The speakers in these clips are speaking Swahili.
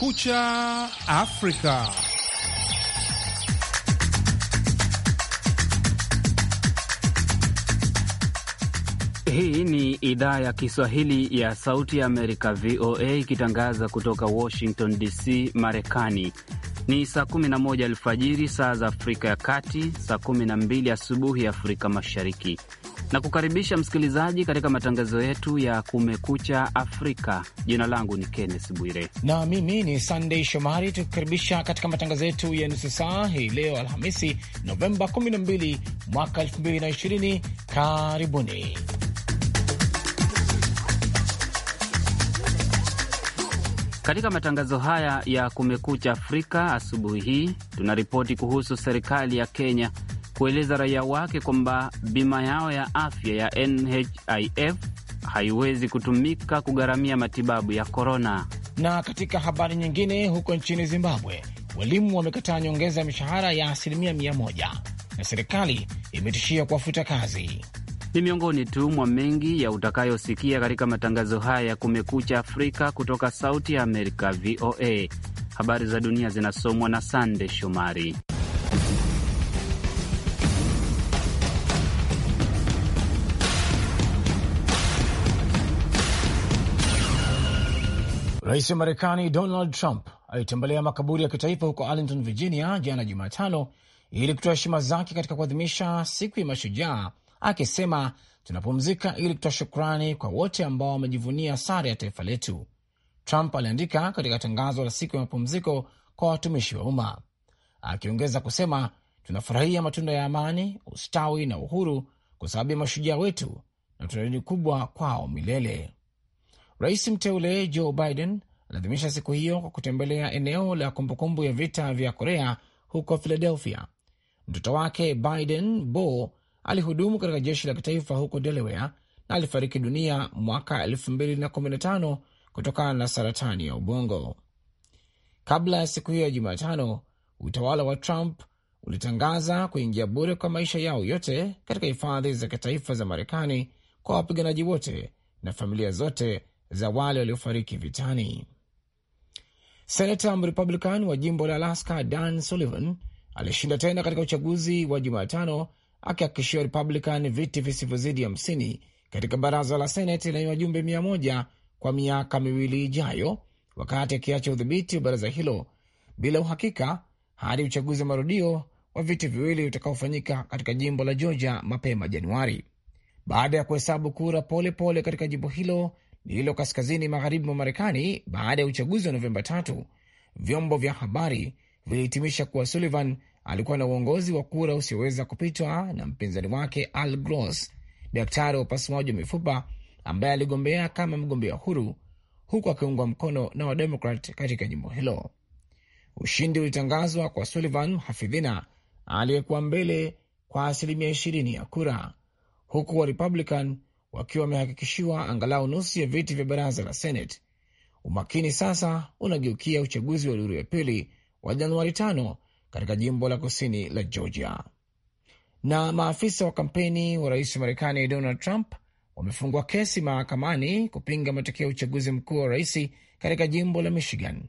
Kumekucha Afrika. Hii ni idhaa ya Kiswahili ya Sauti ya Amerika, VOA, ikitangaza kutoka Washington DC, Marekani. Ni saa 11 alfajiri saa za Afrika ya Kati, saa 12 asubuhi Afrika Mashariki na kukaribisha msikilizaji katika matangazo yetu ya Kumekucha Afrika. Jina langu ni kennes Bwire na mimi ni Sandei Shomari, tukikaribisha katika matangazo yetu ya nusu saa hii leo Alhamisi Novemba 12 mwaka 2020. Karibuni. Katika matangazo haya ya Kumekucha Afrika asubuhi hii tuna ripoti kuhusu serikali ya Kenya kueleza raia wake kwamba bima yao ya afya ya NHIF haiwezi kutumika kugharamia matibabu ya korona. Na katika habari nyingine, huko nchini Zimbabwe walimu wamekataa nyongeza ya mishahara ya asilimia mia moja na serikali imetishia kuwafuta kazi. Ni miongoni tu mwa mengi ya utakayosikia katika matangazo haya ya Kumekucha Afrika kutoka Sauti ya Amerika, VOA. Habari za dunia zinasomwa na Sande Shomari. Rais wa Marekani Donald Trump alitembelea makaburi ya kitaifa huko Arlington, Virginia jana Jumatano ili kutoa heshima zake katika kuadhimisha siku ya Mashujaa, akisema tunapumzika ili kutoa shukrani kwa wote ambao wamejivunia sare ya taifa letu. Trump aliandika katika tangazo la siku ya mapumziko kwa watumishi wa umma, akiongeza kusema tunafurahia matunda ya amani, ustawi na uhuru kwa sababu ya mashujaa wetu na tuna kubwa kwao milele. Rais mteule Joe Biden anaadhimisha siku hiyo kwa kutembelea eneo la kumbukumbu ya vita vya Korea huko Philadelphia. Mtoto wake Biden Bo alihudumu katika jeshi la kitaifa huko Delaware na alifariki dunia mwaka 2015 kutokana na saratani ya ubongo. Kabla ya siku hiyo ya Jumatano, utawala wa Trump ulitangaza kuingia bure kwa maisha yao yote katika hifadhi za kitaifa za Marekani kwa wapiganaji wote na familia zote za wale waliofariki vitani. Senata Mrepublican wa jimbo la Alaska Dan Sullivan alishinda tena katika uchaguzi wa Jumatano akihakikishia Republican viti visivyozidi hamsini katika baraza la Senate lenye wajumbe mia moja kwa miaka miwili ijayo, wakati akiacha udhibiti wa baraza hilo bila uhakika hadi uchaguzi wa marudio wa viti viwili utakaofanyika katika jimbo la Georgia mapema Januari. Baada ya kuhesabu kura polepole pole katika jimbo hilo lililo kaskazini magharibi mwa Marekani baada ya uchaguzi wa Novemba tatu, vyombo vya habari vilihitimisha kuwa Sullivan alikuwa na uongozi wa kura usioweza kupitwa na mpinzani wake Al Gross, daktari wa upasuaji wa mifupa ambaye aligombea kama mgombea huru huku akiungwa mkono na Wademokrat katika jimbo hilo. Ushindi ulitangazwa kwa Sullivan hafidhina aliyekuwa mbele kwa asilimia ishirini ya kura, huku warpublican wakiwa wamehakikishiwa angalau nusu ya viti vya baraza la Senate. Umakini sasa unageukia uchaguzi wa duru ya pili wa Januari tano katika jimbo la kusini la Georgia. Na maafisa wa kampeni wa rais wa Marekani Donald Trump wamefungua kesi mahakamani kupinga matokeo ya uchaguzi mkuu wa rais katika jimbo la Michigan.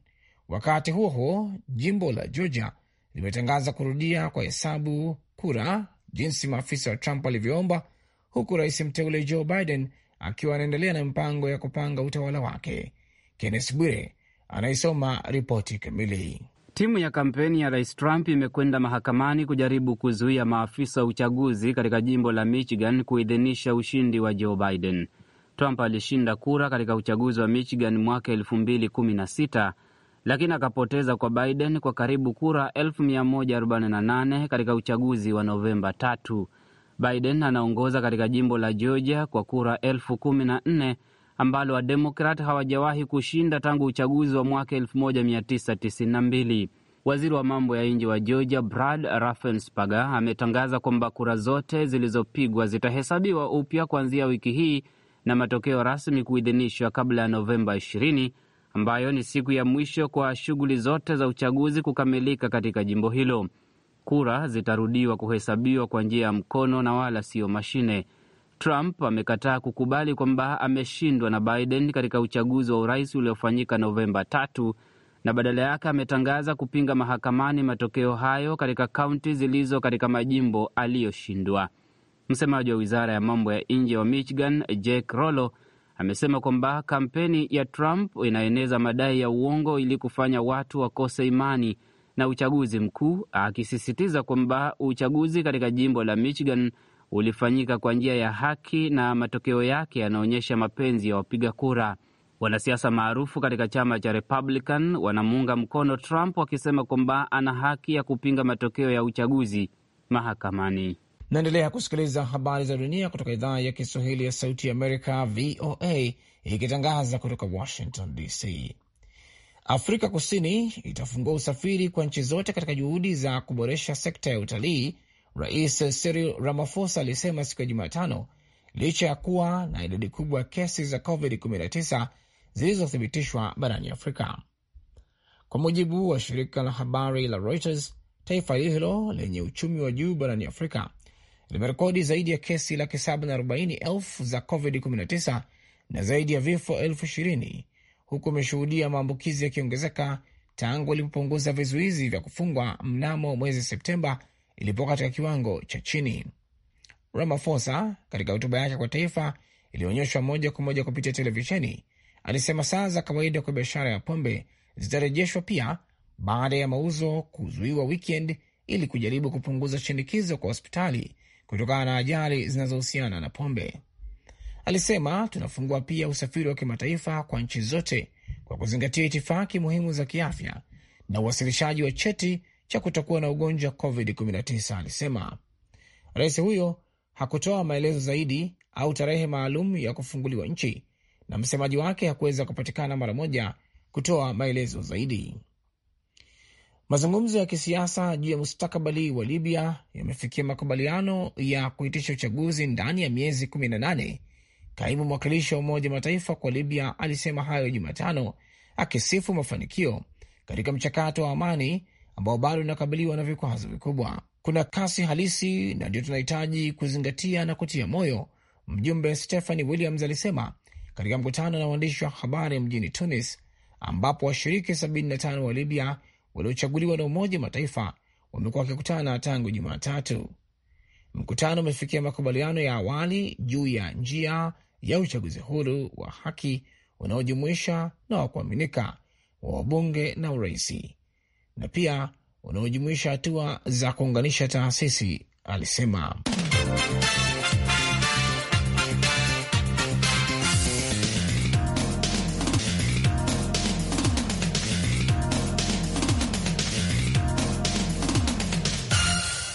Wakati huo huo, jimbo la Georgia limetangaza kurudia kwa hesabu kura jinsi maafisa wa Trump walivyoomba huku rais mteule Joe Biden akiwa anaendelea na mpango ya kupanga utawala wake. Kennes Bwire anayesoma ripoti kamili. Timu ya kampeni ya rais Trump imekwenda mahakamani kujaribu kuzuia maafisa wa uchaguzi katika jimbo la Michigan kuidhinisha ushindi wa Joe Biden. Trump alishinda kura katika uchaguzi wa Michigan mwaka 2016 lakini akapoteza kwa Biden kwa karibu kura 148 katika uchaguzi wa Novemba tatu. Biden anaongoza katika jimbo la Georgia kwa kura elfu kumi na nne ambalo Wademokrat hawajawahi kushinda tangu uchaguzi wa mwaka 1992. Waziri wa mambo ya nje wa Georgia Brad Raffensperger ametangaza kwamba kura zote zilizopigwa zitahesabiwa upya kuanzia wiki hii na matokeo rasmi kuidhinishwa kabla ya Novemba 20 ambayo ni siku ya mwisho kwa shughuli zote za uchaguzi kukamilika katika jimbo hilo kura zitarudiwa kuhesabiwa kwa njia ya mkono na wala siyo mashine. Trump amekataa kukubali kwamba ameshindwa na Biden katika uchaguzi wa urais uliofanyika Novemba tatu na badala yake ametangaza kupinga mahakamani matokeo hayo katika kaunti zilizo katika majimbo aliyoshindwa. Msemaji wa wizara ya mambo ya nje wa Michigan, Jake Rollo, amesema kwamba kampeni ya Trump inaeneza madai ya uongo ili kufanya watu wakose imani na uchaguzi mkuu, akisisitiza kwamba uchaguzi katika jimbo la Michigan ulifanyika kwa njia ya haki na matokeo yake yanaonyesha mapenzi ya wapiga kura. Wanasiasa maarufu katika chama cha Republican wanamuunga mkono Trump wakisema kwamba ana haki ya kupinga matokeo ya uchaguzi mahakamani. Naendelea kusikiliza habari za dunia kutoka idhaa ya Kiswahili ya Sauti ya Amerika, VOA, ikitangaza kutoka Washington DC. Afrika Kusini itafungua usafiri kwa nchi zote katika juhudi za kuboresha sekta ya utalii, Rais Cyril Ramaphosa alisema siku ya Jumatano, licha ya kuwa na idadi kubwa ya kesi za COVID-19 zilizothibitishwa barani Afrika. Kwa mujibu wa shirika la habari la Reuters, taifa hilo lenye uchumi wa juu barani Afrika limerekodi zaidi ya kesi laki saba na arobaini elfu za COVID-19 na zaidi ya vifo elfu ishirini huku ameshuhudia maambukizi yakiongezeka tangu alipopunguza vizuizi vya kufungwa mnamo mwezi Septemba ilipo katika kiwango cha chini. Ramaphosa katika hotuba yake kwa taifa iliyoonyeshwa moja kwa moja kupitia televisheni alisema saa za kawaida kwa biashara ya pombe zitarejeshwa pia baada ya mauzo kuzuiwa wikendi ili kujaribu kupunguza shinikizo kwa hospitali kutokana na ajali zinazohusiana na pombe. Alisema tunafungua pia usafiri wa kimataifa kwa nchi zote kwa kuzingatia itifaki muhimu za kiafya na uwasilishaji wa cheti cha kutokuwa na ugonjwa COVID-19, alisema. Rais huyo hakutoa maelezo zaidi au tarehe maalum ya kufunguliwa nchi na msemaji wake hakuweza kupatikana mara moja kutoa maelezo zaidi. Mazungumzo ya kisiasa juu ya mustakabali wa Libya yamefikia makubaliano ya kuitisha uchaguzi ndani ya miezi 18 Kaimu mwakilishi wa Umoja Mataifa kwa Libya alisema hayo Jumatano akisifu mafanikio katika mchakato wa amani ambao bado unakabiliwa na vikwazo vikubwa. Kuna kasi halisi na ndio tunahitaji kuzingatia na kutia moyo, mjumbe Stephanie Williams alisema katika mkutano na waandishi wa habari mjini Tunis, ambapo washiriki 75 wa Libya waliochaguliwa na Umoja w Mataifa wamekuwa wakikutana tangu Jumatatu. Mkutano umefikia makubaliano ya awali juu ya njia ya uchaguzi huru wa haki unaojumuisha na wa kuaminika wa wabunge na uraisi na pia unaojumuisha hatua za kuunganisha taasisi, alisema.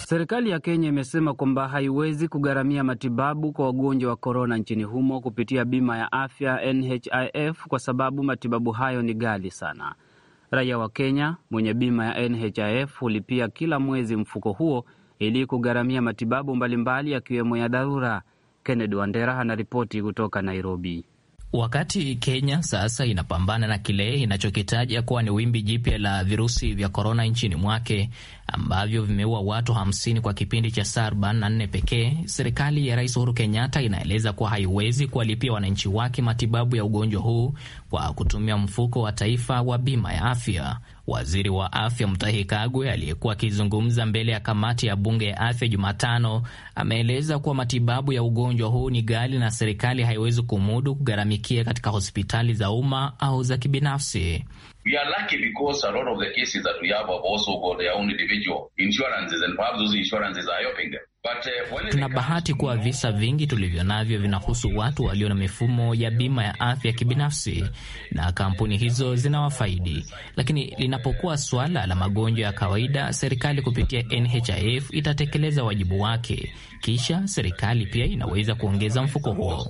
Serikali ya Kenya imesema kwamba haiwezi kugharamia matibabu kwa wagonjwa wa korona nchini humo kupitia bima ya afya NHIF kwa sababu matibabu hayo ni ghali sana. Raia wa Kenya mwenye bima ya NHIF hulipia kila mwezi mfuko huo ili kugharamia matibabu mbalimbali yakiwemo ya dharura. Kennedy Wandera anaripoti kutoka Nairobi. Wakati Kenya sasa inapambana na kile inachokitaja kuwa ni wimbi jipya la virusi vya korona nchini mwake, ambavyo vimeua watu 50 kwa kipindi cha saa 44 pekee, serikali ya Rais Uhuru Kenyatta inaeleza kuwa haiwezi kuwalipia wananchi wake matibabu ya ugonjwa huu kwa kutumia mfuko wa taifa wa bima ya afya. Waziri wa afya Mutahi Kagwe aliyekuwa akizungumza mbele ya kamati ya bunge ya afya Jumatano ameeleza kuwa matibabu ya ugonjwa huu ni ghali na serikali haiwezi kumudu kugharamikia katika hospitali za umma au za kibinafsi. We are lucky because a lot of the cases that we have have also got their own individual insurances, and perhaps those insurances are helping them. Tuna bahati kuwa visa vingi tulivyo navyo vinahusu watu walio na mifumo ya bima ya afya kibinafsi, na kampuni hizo zinawafaidi. Lakini linapokuwa suala la magonjwa ya kawaida, serikali kupitia NHIF itatekeleza wajibu wake, kisha serikali pia inaweza kuongeza mfuko huo.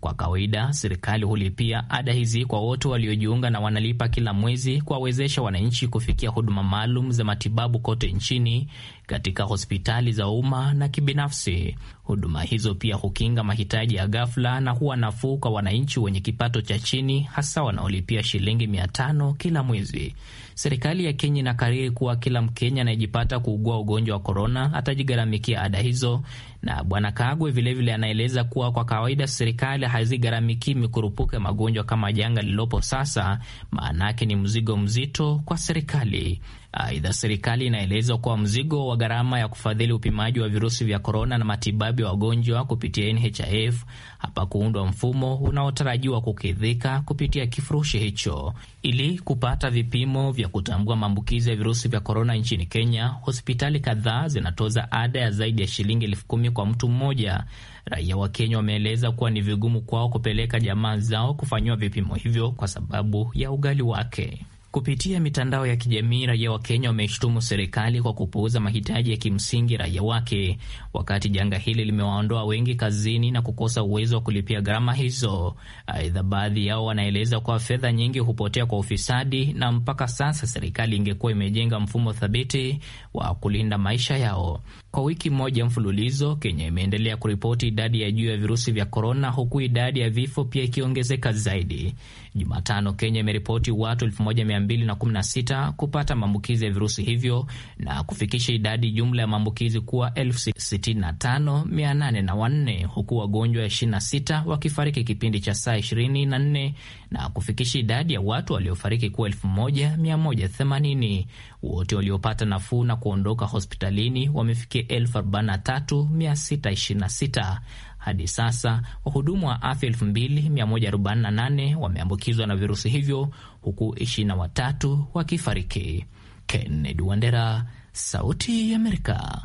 Kwa kawaida, serikali hulipia ada hizi kwa wote waliojiunga na wanalipa kila mwezi, kuwawezesha wananchi kufikia huduma maalum za matibabu kote nchini katika hospitali za umma na kibinafsi. Huduma hizo pia hukinga mahitaji ya ghafla na huwa nafuu kwa wananchi wenye kipato cha chini, hasa wanaolipia shilingi mia tano kila mwezi. Serikali ya Kenya inakariri kuwa kila Mkenya anayejipata kuugua ugonjwa wa korona atajigharamikia ada hizo, na Bwana Kagwe vilevile anaeleza kuwa kwa kawaida serikali hazigharamikii mikurupuko ya magonjwa kama janga lililopo sasa, maanaake ni mzigo mzito kwa serikali. Aidha, serikali inaelezwa kuwa mzigo wa gharama ya kufadhili upimaji wa virusi vya korona na matibabu ya wagonjwa kupitia NHIF hapa kuundwa mfumo unaotarajiwa kukidhika kupitia kifurushi hicho. Ili kupata vipimo vya kutambua maambukizi ya virusi vya korona nchini Kenya, hospitali kadhaa zinatoza ada ya zaidi ya shilingi elfu kumi kwa mtu mmoja. Raia wa Kenya wameeleza kuwa ni vigumu kwao kupeleka jamaa zao kufanyiwa vipimo hivyo kwa sababu ya ugali wake. Kupitia mitandao ya kijamii, raia wa Kenya wameshutumu serikali kwa kupuuza mahitaji ya kimsingi raia wake, wakati janga hili limewaondoa wengi kazini na kukosa uwezo wa kulipia gharama hizo. Aidha, baadhi yao wanaeleza kuwa fedha nyingi hupotea kwa ufisadi, na mpaka sasa serikali ingekuwa imejenga mfumo thabiti wa kulinda maisha yao. Kwa wiki moja mfululizo, Kenya imeendelea kuripoti idadi ya juu ya virusi vya korona, huku idadi ya vifo pia ikiongezeka zaidi. Jumatano, Kenya imeripoti watu 1216 kupata maambukizi ya virusi hivyo na kufikisha idadi jumla ya maambukizi kuwa 65804 huku wagonjwa 26 wakifariki kipindi cha saa 24 na kufikisha idadi ya watu waliofariki kuwa 1180. Wote waliopata nafuu na kuondoka hospitalini wamefikia 43626 hadi sasa wahudumu wa afya 2148 wameambukizwa na virusi hivyo huku 23 wakifariki. Kennedy Wandera, Sauti ya Amerika,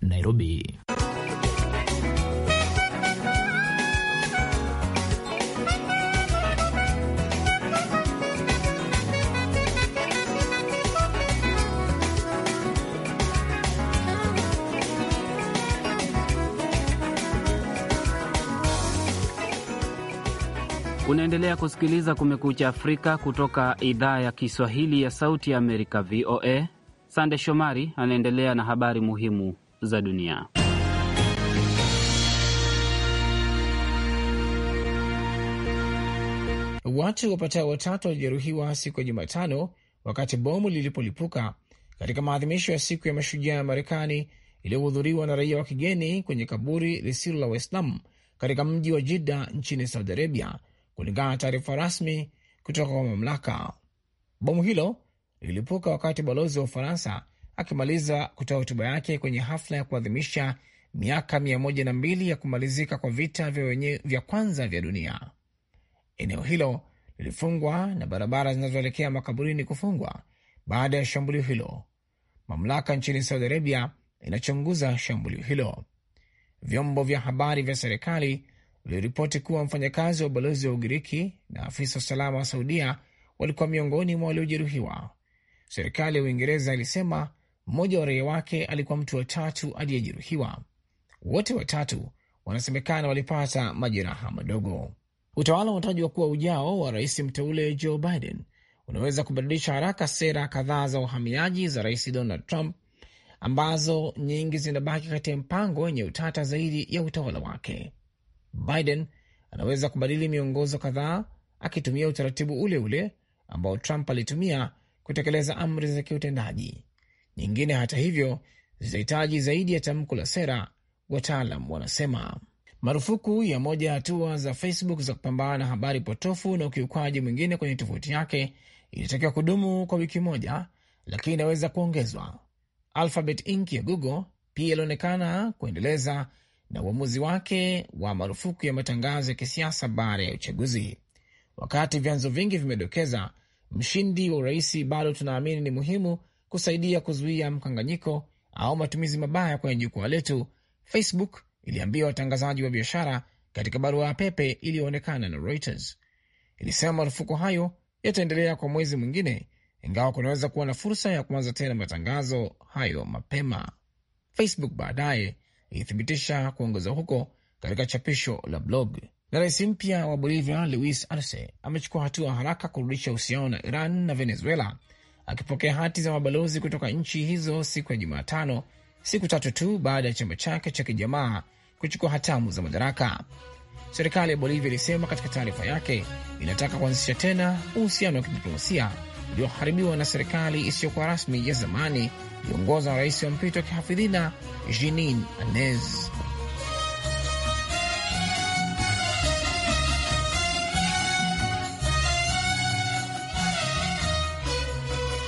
Nairobi. Unaendelea kusikiliza Kumekucha Afrika kutoka idhaa ya Kiswahili ya Sauti ya Amerika, VOA. Sande Shomari anaendelea na habari muhimu za dunia. Watu wapatao watatu walijeruhiwa siku ya Jumatano wakati bomu lilipolipuka katika maadhimisho ya siku ya mashujaa ya Marekani iliyohudhuriwa na raia wa kigeni kwenye kaburi lisilo la Waislamu katika mji wa Jidda nchini Saudi Arabia kulingana na taarifa rasmi kutoka kwa mamlaka. Bomu hilo lilipuka wakati balozi wa Ufaransa akimaliza kutoa hotuba yake kwenye hafla ya kuadhimisha miaka mia moja na mbili ya kumalizika kwa vita vya wenyewe vya kwanza vya dunia. Eneo hilo lilifungwa na barabara zinazoelekea makaburini kufungwa baada ya shambulio hilo. Mamlaka nchini Saudi Arabia inachunguza shambulio hilo. Vyombo vya habari vya serikali uliripoti kuwa mfanyakazi wa ubalozi wa Ugiriki na afisa usalama wa Saudia walikuwa miongoni mwa waliojeruhiwa. Serikali ya Uingereza ilisema mmoja wa raia wake alikuwa mtu wa tatu aliyejeruhiwa. Wote watatu wanasemekana walipata majeraha madogo. Utawala unatajwa kuwa ujao wa rais mteule Joe Biden unaweza kubadilisha haraka sera kadhaa za uhamiaji za rais Donald Trump ambazo nyingi zinabaki ya mpango wenye utata zaidi ya utawala wake. Biden anaweza kubadili miongozo kadhaa akitumia utaratibu ule ule ambao Trump alitumia kutekeleza amri za kiutendaji. Nyingine hata hivyo zitahitaji zaidi ya tamko la sera, wataalam wanasema. Marufuku ya moja ya hatua za Facebook za kupambana na habari potofu na ukiukwaji mwingine kwenye tovuti yake ilitakiwa kudumu kwa wiki moja, lakini inaweza kuongezwa. Alphabet Inc ya Google pia ilionekana kuendeleza na uamuzi wake wa marufuku ya matangazo ya kisiasa baada ya uchaguzi. Wakati vyanzo vingi vimedokeza mshindi wa urais bado tunaamini ni muhimu kusaidia kuzuia mkanganyiko au matumizi mabaya kwenye jukwaa letu, Facebook iliambia watangazaji wa biashara katika barua ya pepe iliyoonekana na Reuters. Ilisema marufuku hayo yataendelea kwa mwezi mwingine, ingawa kunaweza kuwa na fursa ya kuanza tena matangazo hayo mapema. Facebook baadaye ilithibitisha kuongeza huko katika chapisho la blog. Na rais mpya wa Bolivia Luis Arce amechukua hatua haraka kurudisha uhusiano na Iran na Venezuela, akipokea hati za mabalozi kutoka nchi hizo siku ya Jumatano, siku tatu tu baada ya chama chake cha kijamaa kuchukua hatamu za madaraka. Serikali ya Bolivia ilisema katika taarifa yake inataka kuanzisha tena uhusiano wa kidiplomasia iliyoharibiwa na serikali isiyokuwa rasmi ya zamani iliongoza na rais wa mpito wa kihafidhina Jeanine Anez.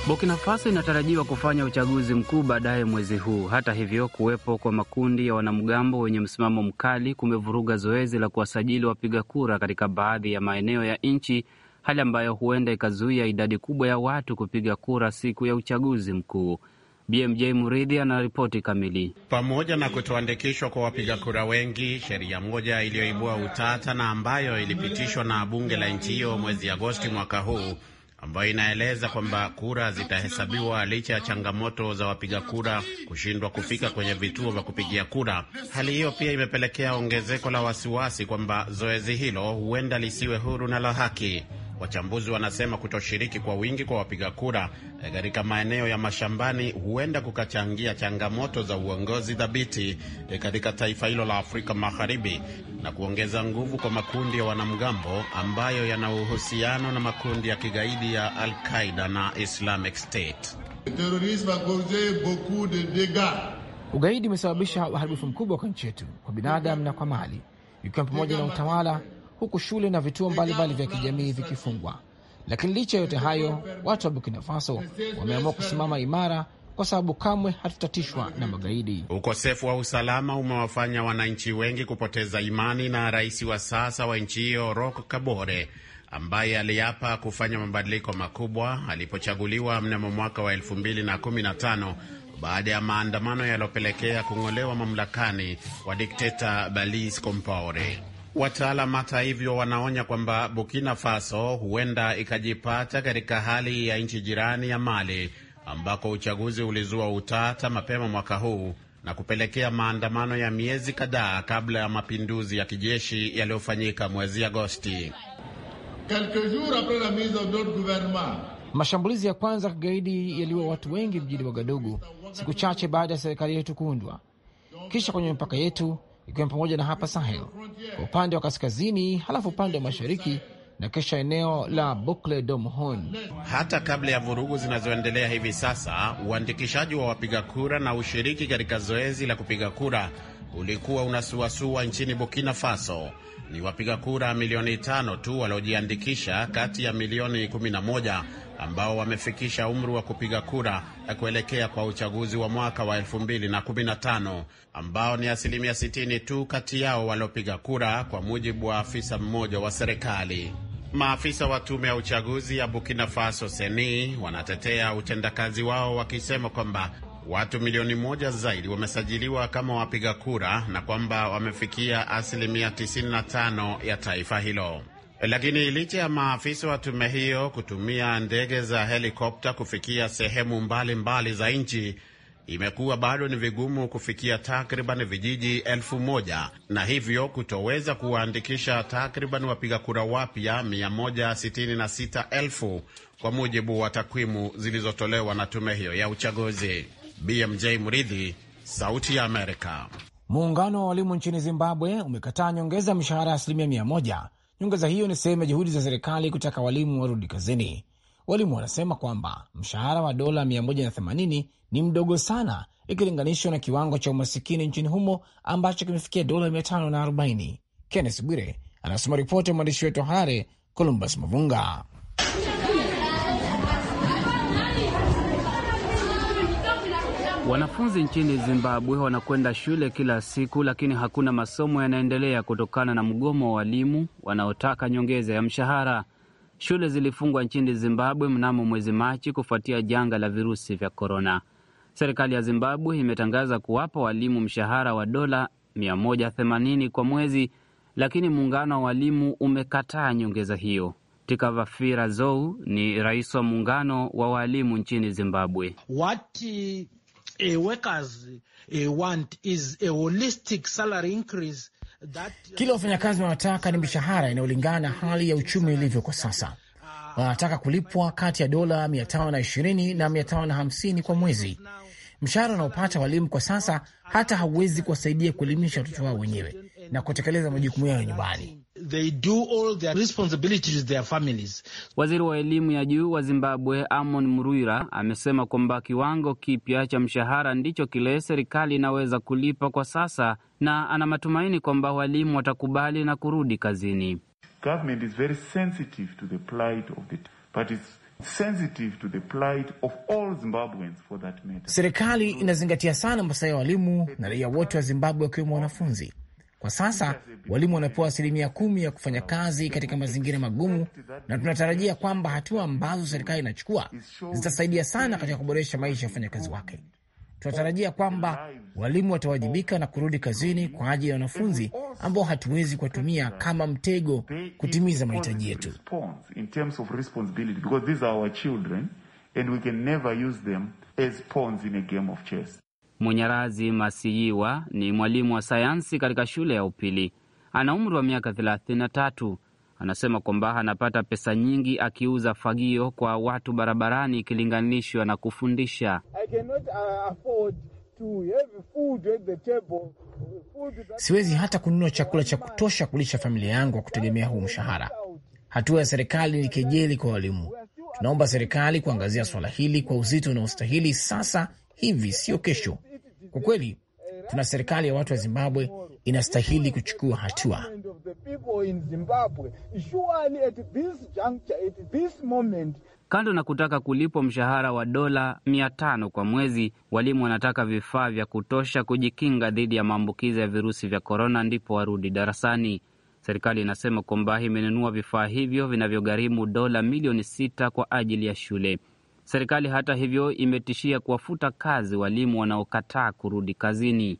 Burkina Faso inatarajiwa kufanya uchaguzi mkuu baadaye mwezi huu. Hata hivyo, kuwepo kwa makundi ya wanamgambo wenye msimamo mkali kumevuruga zoezi la kuwasajili wapiga kura katika baadhi ya maeneo ya nchi hali ambayo huenda ikazuia idadi kubwa ya watu kupiga kura siku ya uchaguzi mkuu. BMJ Muridhi ana ripoti kamili. Pamoja na kutoandikishwa kwa wapiga kura wengi, sheria moja iliyoibua utata na ambayo ilipitishwa na bunge la nchi hiyo mwezi Agosti mwaka huu, ambayo inaeleza kwamba kura zitahesabiwa licha ya changamoto za wapiga kura kushindwa kufika kwenye vituo vya kupigia kura. Hali hiyo pia imepelekea ongezeko la wasiwasi kwamba zoezi hilo huenda lisiwe huru na la haki. Wachambuzi wanasema kutoshiriki kwa wingi kwa wapiga kura eh, katika maeneo ya mashambani huenda kukachangia changamoto za uongozi dhabiti eh, katika taifa hilo la Afrika Magharibi na kuongeza nguvu kwa makundi ya wanamgambo ambayo yana uhusiano na makundi ya kigaidi ya Al-Qaida na Islamic State. Ugaidi umesababisha uharibifu mkubwa kwa nchi yetu, kwa binadamu na kwa mali, ikiwa pamoja na utawala huku shule na vituo mbalimbali vya kijamii vikifungwa. Lakini licha yote hayo, watu wa Burkina Faso wameamua kusimama imara kwa sababu kamwe hatutatishwa na magaidi. Ukosefu wa usalama umewafanya wananchi wengi kupoteza imani na rais wa sasa wa nchi hiyo Roch Kabore ambaye aliapa kufanya mabadiliko makubwa alipochaguliwa mnamo mwaka wa 2015 baada ya maandamano yaliyopelekea kung'olewa mamlakani wa dikteta Blaise Compaore. Wataalam hata hivyo wanaonya kwamba Burkina Faso huenda ikajipata katika hali ya nchi jirani ya Mali ambako uchaguzi ulizua utata mapema mwaka huu na kupelekea maandamano ya miezi kadhaa kabla ya mapinduzi ya kijeshi yaliyofanyika mwezi Agosti. Mashambulizi ya kwanza ya kigaidi yaliua watu wengi mjini Wagadugu siku chache baada ya serikali yetu kuundwa, kisha kwenye mipaka yetu ikiwemo pamoja na hapa Sahel kwa upande wa kaskazini, halafu upande wa mashariki na kisha eneo la Bukle du Hata kabla ya vurugu zinazoendelea hivi sasa, uandikishaji wa wapiga kura na ushiriki katika zoezi la kupiga kura ulikuwa unasuasua nchini Burkina Faso ni wapiga kura milioni tano tu waliojiandikisha kati ya milioni 11 ambao wamefikisha umri wa kupiga kura kuelekea kwa uchaguzi wa mwaka wa 2015 ambao ni asilimia 60 tu kati yao waliopiga kura, kwa mujibu wa afisa mmoja wa serikali. Maafisa wa tume ya uchaguzi ya Burkina Faso seni wanatetea utendakazi wao wakisema kwamba watu milioni moja zaidi wamesajiliwa kama wapiga kura na kwamba wamefikia asilimia 95 ya taifa hilo. Lakini licha ya maafisa wa tume hiyo kutumia ndege za helikopta kufikia sehemu mbalimbali mbali za nchi, imekuwa bado ni vigumu kufikia takriban vijiji elfu moja na hivyo kutoweza kuwaandikisha takriban wapiga kura wapya 166,000 kwa mujibu wa takwimu zilizotolewa na tume hiyo ya uchaguzi. BMJ Muridhi, Sauti ya Amerika. Muungano wa walimu nchini Zimbabwe umekataa nyongeza ya mishahara ya asilimia mia moja. Nyongeza hiyo ni sehemu ya juhudi za serikali kutaka walimu warudi kazini. Walimu wanasema kwamba mshahara wa dola 180 ni mdogo sana ikilinganishwa na kiwango cha umasikini nchini humo ambacho kimefikia dola 540. Kenneth Bwire anasoma ripoti ya mwandishi wetu Hare Columbus Mavunga. Wanafunzi nchini Zimbabwe wanakwenda shule kila siku, lakini hakuna masomo yanaendelea kutokana na mgomo wa walimu wanaotaka nyongeza ya mshahara. Shule zilifungwa nchini Zimbabwe mnamo mwezi Machi kufuatia janga la virusi vya korona. Serikali ya Zimbabwe imetangaza kuwapa walimu mshahara wa dola 180 kwa mwezi, lakini muungano wa walimu umekataa nyongeza hiyo. Tikavafira Zou ni rais wa muungano wa waalimu nchini Zimbabwe. Wati A workers a want is a holistic salary increase that... Kila wafanyakazi wanataka ni mishahara inayolingana na hali ya uchumi ilivyo kwa sasa. Wanataka kulipwa kati ya dola 520 na 550 kwa mwezi. Mshahara unaopata walimu kwa sasa hata hauwezi kuwasaidia kuelimisha watoto wao wenyewe na kutekeleza majukumu yao ya nyumbani they do all their responsibilities to their families. Waziri wa elimu ya juu wa Zimbabwe Amon Mruira amesema kwamba kiwango kipya cha mshahara ndicho kile serikali inaweza kulipa kwa sasa, na ana matumaini kwamba walimu watakubali na kurudi kazini. Government is very sensitive to the plight of the but it's sensitive to the plight of all Zimbabweans for that matter. Serikali inazingatia sana maslahi ya walimu na raia wote wa Zimbabwe wakiwemo wanafunzi kwa sasa walimu wanapewa asilimia kumi ya kufanya kazi katika mazingira magumu, na tunatarajia kwamba hatua ambazo serikali inachukua zitasaidia sana katika kuboresha maisha ya wafanyakazi wake. Tunatarajia kwamba walimu watawajibika na kurudi kazini kwa ajili ya wanafunzi ambao hatuwezi kuwatumia kama mtego kutimiza mahitaji yetu. Munyarazi Masiyiwa ni mwalimu wa sayansi katika shule ya upili. Ana umri wa miaka tatu Anasema kwamba anapata pesa nyingi akiuza fagio kwa watu barabarani ikilinganishwa na kufundisha. Uh, Siwezi hata kununua chakula cha kutosha kulisha familia yangu kwa kutegemea huu mshahara. Hatua ya serikali ni kejeli kwa walimu. Tunaomba serikali kuangazia suala hili kwa uzito unaostahili sasa hivi, sio kesho. Kwa kweli, tuna serikali ya watu wa Zimbabwe inastahili kuchukua hatua. Kando na kutaka kulipwa mshahara wa dola mia tano kwa mwezi, walimu wanataka vifaa vya kutosha kujikinga dhidi ya maambukizi ya virusi vya korona, ndipo warudi darasani. Serikali inasema kwamba imenunua vifaa hivyo vinavyogharimu dola milioni sita kwa ajili ya shule. Serikali hata hivyo imetishia kuwafuta kazi walimu wanaokataa kurudi kazini.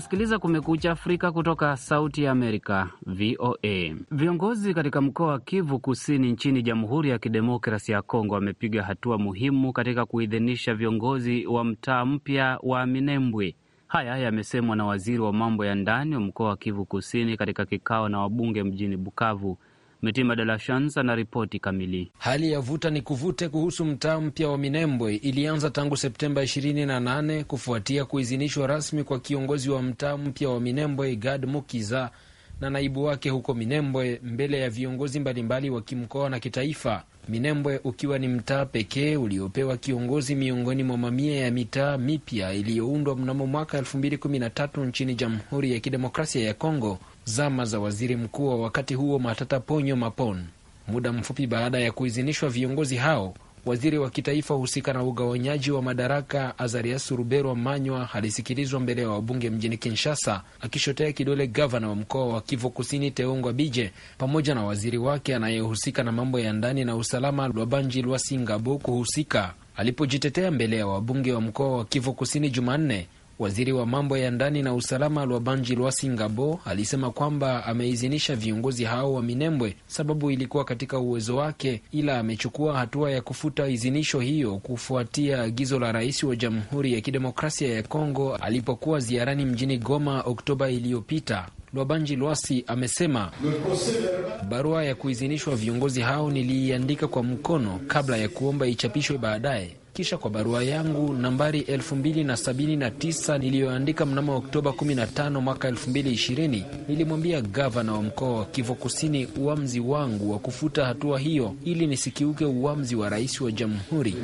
Unasikiliza Kumekucha Afrika kutoka Sauti ya Amerika, VOA. Viongozi katika mkoa wa Kivu Kusini nchini Jamhuri ya Kidemokrasi ya Kongo wamepiga hatua muhimu katika kuidhinisha viongozi wa mtaa mpya wa Minembwe. Haya yamesemwa na waziri wa mambo ya ndani wa mkoa wa Kivu Kusini katika kikao na wabunge mjini Bukavu Mitima de la Chance ripoti kamili. Hali ya vuta ni kuvute kuhusu mtaa mpya wa Minembwe ilianza tangu Septemba 28 kufuatia kuidhinishwa rasmi kwa kiongozi wa mtaa mpya wa Minembwe Gad Mukiza na naibu wake huko Minembwe mbele ya viongozi mbalimbali wa kimkoa na kitaifa, Minembwe ukiwa ni mtaa pekee uliopewa kiongozi miongoni mwa mamia ya mitaa mipya iliyoundwa mnamo mwaka 2013 nchini Jamhuri ya Kidemokrasia ya Kongo zama za waziri mkuu wa wakati huo Matata Ponyo Mapon. Muda mfupi baada ya kuidhinishwa viongozi hao, waziri wa kitaifa husika na ugawanyaji wa madaraka Azarias Ruberwa Manywa alisikilizwa mbele ya wa wabunge mjini Kinshasa akishotea kidole gavana wa mkoa wa Kivu Kusini Teongwa Bije pamoja na waziri wake anayehusika na mambo ya ndani na usalama Lwabanji Lwasingabo kuhusika alipojitetea mbele ya wabunge wa mkoa wa Kivu Kusini Jumanne. Waziri wa mambo ya ndani na usalama Lwabanji Singabo alisema kwamba ameidhinisha viongozi hao wa Minembwe, sababu ilikuwa katika uwezo wake, ila amechukua hatua ya kufuta idhinisho hiyo kufuatia agizo la rais wa Jamhuri ya Kidemokrasia ya Kongo alipokuwa ziarani mjini Goma Oktoba iliyopita. Lwabanji Lwasi amesema barua ya kuidhinishwa viongozi hao niliiandika kwa mkono kabla ya kuomba ichapishwe baadaye kisha kwa barua yangu nambari 2079 niliyoandika mnamo Oktoba 15 mwaka 2020, nilimwambia gavana wa mkoa wa Kivu Kusini uamuzi wangu wa kufuta hatua hiyo ili nisikiuke uamuzi wa rais wa jamhuri.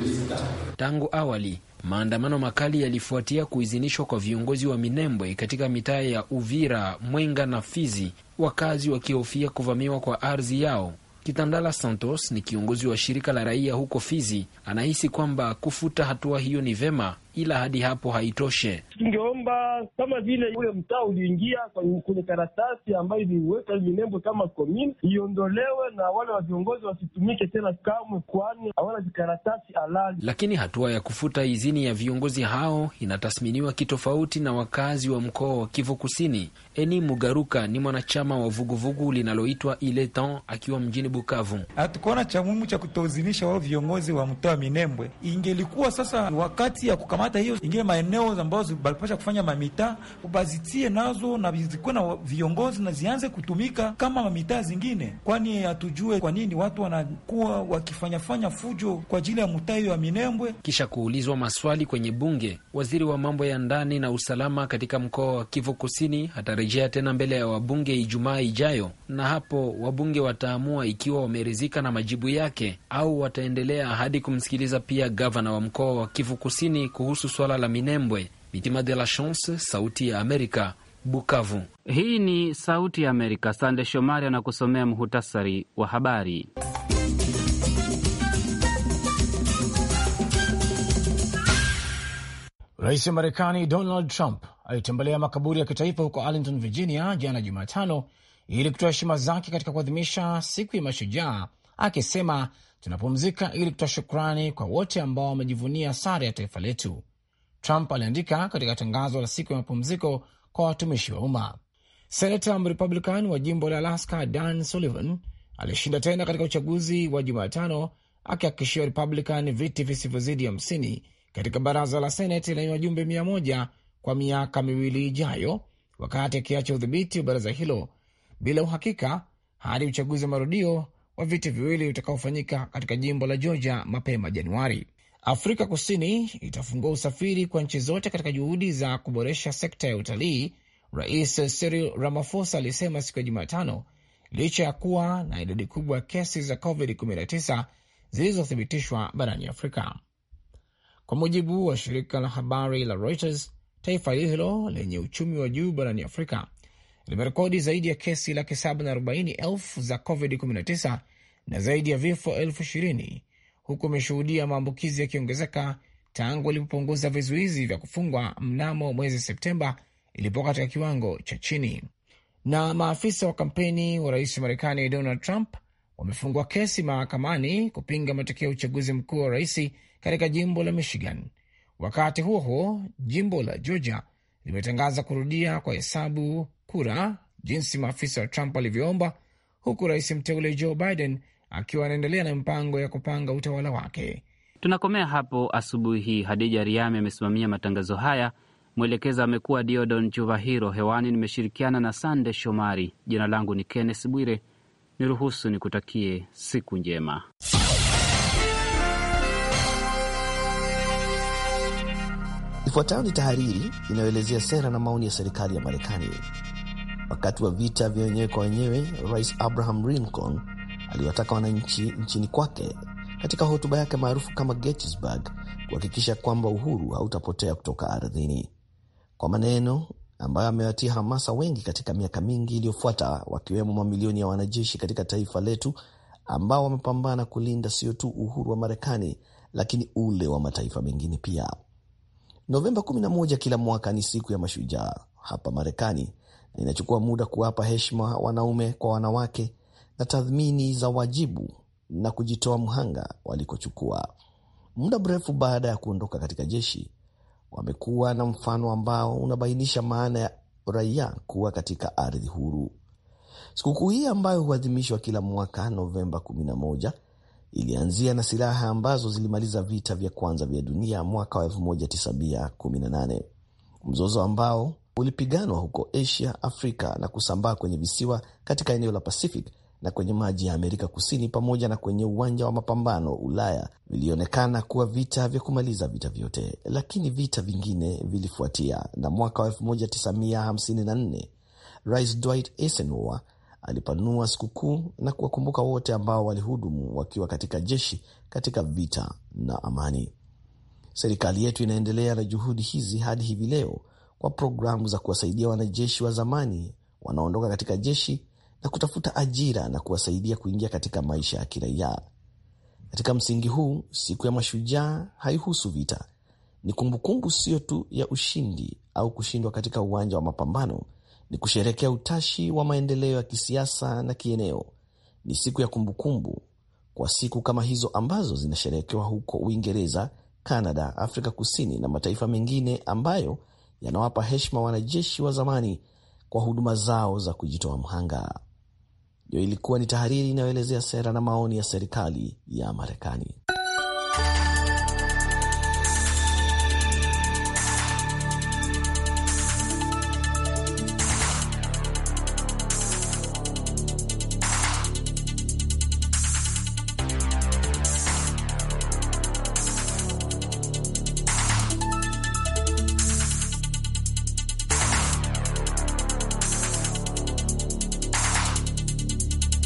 Tangu awali maandamano makali yalifuatia kuidhinishwa kwa viongozi wa Minembwe katika mitaa ya Uvira, Mwenga na Fizi, wakazi wakihofia kuvamiwa kwa ardhi yao. Kitandala Santos ni kiongozi wa shirika la raia huko Fizi, anahisi kwamba kufuta hatua hiyo ni vema ila hadi hapo haitoshe. Tungeomba kama vile ule mtaa uliingia kwenye karatasi ambayo iliweka vinembo kama komini iondolewe, na wale wa viongozi wasitumike tena kamwe, kwani hawana vikaratasi halali. Lakini hatua ya kufuta idhini ya viongozi hao inatathminiwa kitofauti na wakazi wa mkoa wa Kivu Kusini. Eni Mugaruka ni mwanachama wa vuguvugu linaloitwa Iletan akiwa mjini Bukavu. hatukuona cha muhimu cha kutozinisha wao viongozi wa mtaa Minembwe, ingelikuwa sasa wakati ya kukamata hata hiyo ingine maeneo ambayo balipasha kufanya mamita bazitie nazo na zikuwe na viongozi na zianze kutumika kama mamita zingine, kwani hatujue kwa nini watu wanakuwa wakifanyafanya fujo kwa ajili ya mutayo wa Minembwe. Kisha kuulizwa maswali kwenye bunge, waziri wa mambo ya ndani na usalama katika mkoa wa Kivu Kusini atarejea tena mbele ya wabunge Ijumaa ijayo, na hapo wabunge wataamua ikiwa wameridhika na majibu yake au wataendelea hadi kumsikiliza pia gavana wa mkoa wa Kivu Kusini kuhusu kuhusu swala la Minembwe. Mitima de la Chance, Sauti ya Amerika, Bukavu. Hii ni Sauti ya Amerika. Sande Shomari anakusomea muhutasari wa habari. Rais wa Marekani Donald Trump alitembelea makaburi ya kitaifa huko Arlington, Virginia jana Jumatano ili kutoa heshima zake katika kuadhimisha siku ya Mashujaa, akisema tunapumzika ili kutoa shukrani kwa wote ambao wamejivunia sare ya taifa letu. Trump aliandika katika tangazo la siku ya mapumziko kwa watumishi wa umma. Senata Mrepublican wa jimbo la Alaska Dan Sullivan alishinda tena katika uchaguzi wa Jumatano akihakikishia Republican viti visivyozidi hamsini katika baraza la Senate lenye wajumbe mia moja kwa miaka miwili ijayo, wakati akiacha udhibiti wa baraza hilo bila uhakika hadi uchaguzi wa marudio wa viti viwili utakaofanyika katika jimbo la Georgia mapema Januari. Afrika Kusini itafungua usafiri kwa nchi zote katika juhudi za kuboresha sekta ya utalii, Rais Cyril Ramaphosa alisema siku ya Jumatano, licha ya kuwa na idadi kubwa ya kesi za COVID-19 zilizothibitishwa barani Afrika. Kwa mujibu wa shirika la habari la Reuters, taifa hilo lenye uchumi wa juu barani Afrika limerekodi zaidi ya kesi laki saba na arobaini elfu za COVID-19 na zaidi ya vifo elfu ishirini huku ameshuhudia maambukizi yakiongezeka tangu alipopunguza vizuizi vya kufungwa mnamo mwezi Septemba ilipo katika kiwango cha chini. Na maafisa wa kampeni wa rais wa Marekani Donald Trump wamefungua kesi mahakamani kupinga matokeo ya uchaguzi mkuu wa rais katika jimbo la Michigan. Wakati huo huo, jimbo la Georgia limetangaza kurudia kwa hesabu kura jinsi maafisa wa Trump walivyoomba, huku rais mteule Joe Biden akiwa anaendelea na mpango ya kupanga utawala wake. Tunakomea hapo asubuhi hii. Hadija Riami amesimamia matangazo haya, mwelekezo amekuwa Diodon Chuvahiro. Hewani nimeshirikiana na Sande Shomari. Jina langu ni kennes Bwire, niruhusu nikutakie siku njema. Ifuatayo ni tahariri inayoelezea sera na maoni ya serikali ya Marekani. Wakati wa vita vya wenyewe kwa wenyewe, Rais Abraham Lincoln aliwataka wananchi nchini kwake katika hotuba yake maarufu kama Gettysburg kuhakikisha kwamba uhuru hautapotea kutoka ardhini, kwa maneno ambayo amewatia hamasa wengi katika miaka mingi iliyofuata, wakiwemo mamilioni ya wanajeshi katika taifa letu ambao wamepambana kulinda sio tu uhuru wa Marekani lakini ule wa mataifa mengine pia. Novemba 11 kila mwaka ni siku ya mashujaa hapa Marekani na inachukua muda kuwapa heshima wanaume kwa wanawake na tathmini za wajibu na kujitoa mhanga walikochukua. Muda mrefu baada ya kuondoka katika jeshi, wamekuwa na mfano ambao unabainisha maana ya raia kuwa katika ardhi huru. Sikukuu hii ambayo huadhimishwa kila mwaka Novemba 11 ilianzia na silaha ambazo zilimaliza vita vya kwanza vya dunia mwaka wa 1918, mzozo ambao ulipiganwa huko Asia, Afrika na kusambaa kwenye visiwa katika eneo la Pacific na kwenye maji ya Amerika Kusini pamoja na kwenye uwanja wa mapambano Ulaya vilionekana kuwa vita vya kumaliza vita vyote, lakini vita vingine vilifuatia, na mwaka wa 1954 Rais Dwight Eisenhower alipanua sikukuu na kuwakumbuka wote ambao walihudumu wakiwa katika jeshi katika vita na amani. Serikali yetu inaendelea na juhudi hizi hadi hivi leo kwa programu za kuwasaidia wanajeshi wa zamani wanaondoka katika jeshi na kutafuta ajira na kuwasaidia kuingia katika maisha ya kiraia. Katika msingi huu, siku ya Mashujaa haihusu vita, ni kumbukumbu sio tu ya ushindi au kushindwa katika uwanja wa mapambano, ni kusherekea utashi wa maendeleo ya kisiasa na kieneo. Ni siku ya kumbukumbu kwa siku kama hizo ambazo zinasherekewa huko Uingereza, Kanada, Afrika Kusini na mataifa mengine ambayo yanawapa heshima wanajeshi wa zamani kwa huduma zao za kujitoa mhanga. Hiyo ilikuwa ni tahariri inayoelezea sera na maoni ya serikali ya Marekani.